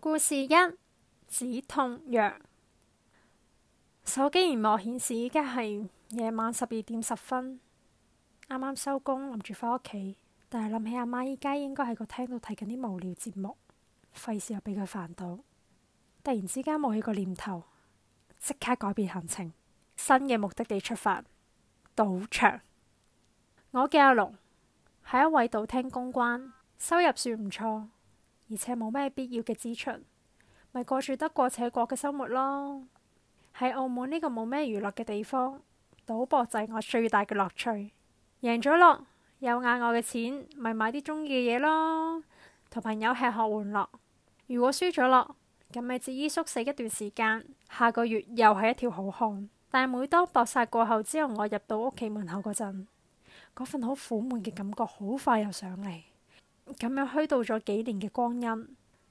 故事一，止痛藥。手機螢幕顯示依家係夜晚十二點十分，啱啱收工，諗住返屋企，但係諗起阿媽依家應該喺個廳度睇緊啲無聊節目，費事又俾佢煩到。突然之間冒起個念頭，即刻改變行程，新嘅目的地出發，賭場。我叫阿龍，係一位賭廳公關，收入算唔錯。而且冇咩必要嘅支出，咪過住得過且過嘅生活咯。喺澳門呢個冇咩娛樂嘅地方，賭博就係我最大嘅樂趣。贏咗咯，有額外嘅錢，咪買啲中意嘅嘢咯，同朋友吃喝玩樂。如果輸咗咯，咁咪自依縮死一段時間。下個月又係一條好漢。但係每當搏殺過後之後，我入到屋企門口嗰陣，嗰份好苦悶嘅感覺好快又上嚟。咁樣虛度咗幾年嘅光陰，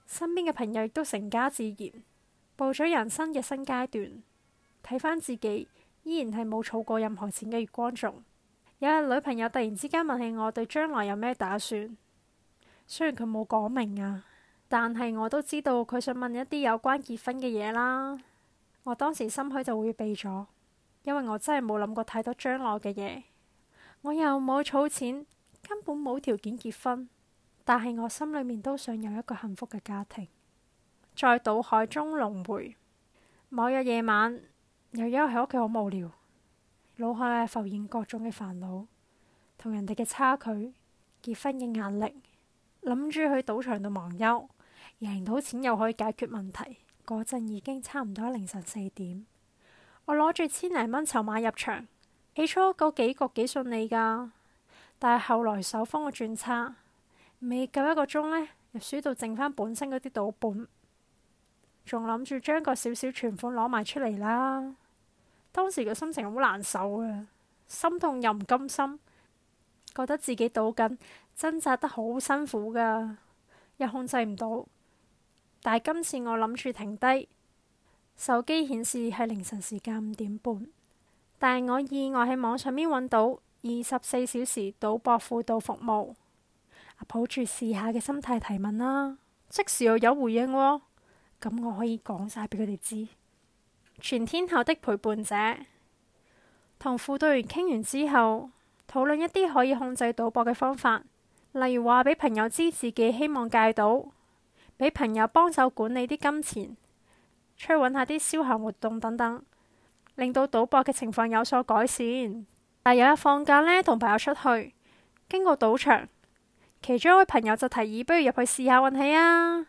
身邊嘅朋友亦都成家自然，步咗人生嘅新階段。睇翻自己，依然係冇儲過任何錢嘅月光族。有日女朋友突然之間問起我對將來有咩打算，雖然佢冇講明啊，但係我都知道佢想問一啲有關結婚嘅嘢啦。我當時心虛就會避咗，因為我真係冇諗過太多將來嘅嘢，我又冇儲錢，根本冇條件結婚。但係我心裏面都想有一個幸福嘅家庭。在賭海中輪回，某日夜晚又休喺屋企，好無聊，腦海係浮現各種嘅煩惱，同人哋嘅差距、結婚嘅壓力，諗住去賭場度忘憂，贏到錢又可以解決問題。嗰陣已經差唔多凌晨四點，我攞住千零蚊籌碼入場，起初嗰幾局幾順利㗎，但係後來手風我轉差。未夠一個鐘呢，入輸到剩翻本身嗰啲賭本，仲諗住將個少少存款攞埋出嚟啦。當時個心情好難受啊，心痛又唔甘心，覺得自己賭緊掙扎得好辛苦噶，又控制唔到。但係今次我諗住停低，手機顯示係凌晨時間五點半，但係我意外喺網上面搵到二十四小時賭博輔導服務。抱住試下嘅心態提問啦，即時又有回應，哦，咁我可以講晒俾佢哋知。全天候的陪伴者同輔導員傾完之後，討論一啲可以控制賭博嘅方法，例如話俾朋友知自己希望戒賭，俾朋友幫手管理啲金錢，出去揾下啲消閒活動等等，令到賭博嘅情況有所改善。但係有日放假呢，同朋友出去經過賭場。其中一位朋友就提議，不如入去試下運氣啊。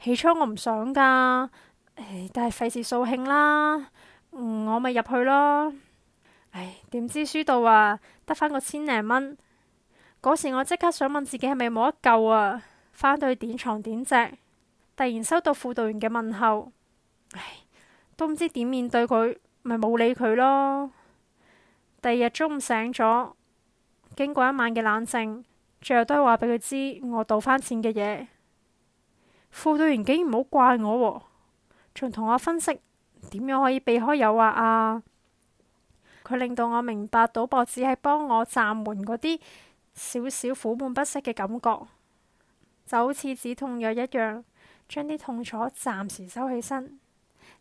起初我唔想噶，但係費事掃興啦，嗯、我咪入去咯。唉，點知輸到啊，得翻個千零蚊。嗰時我即刻想問自己係咪冇得救啊？翻到去典床典席。突然收到輔導員嘅問候，唉，都唔知點面對佢，咪冇理佢咯。第二日中午醒咗，經過一晚嘅冷靜。最後都係話俾佢知我賭翻錢嘅嘢，輔導員竟然唔好怪我，仲同我分析點樣可以避開誘惑啊！佢令到我明白，賭博只係幫我暫緩嗰啲少少苦悶不息嘅感覺，就好似止痛藥一樣，將啲痛楚暫時收起身。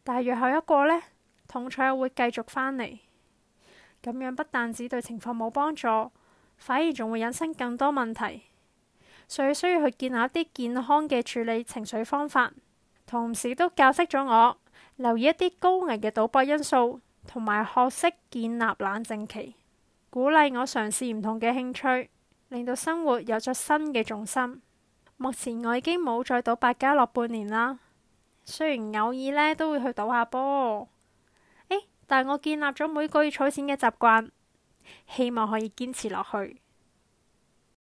但係藥效一過呢，痛楚又會繼續翻嚟，咁樣不但止對情況冇幫助。反而仲會引申更多問題，所以需要去建立一啲健康嘅處理情緒方法，同時都教識咗我留意一啲高危嘅賭博因素，同埋學識建立冷靜期，鼓勵我嘗試唔同嘅興趣，令到生活有咗新嘅重心。目前我已經冇再賭百家樂半年啦，雖然偶爾呢都會去賭下波，誒、欸，但係我建立咗每個月儲錢嘅習慣。希望可以堅持落去。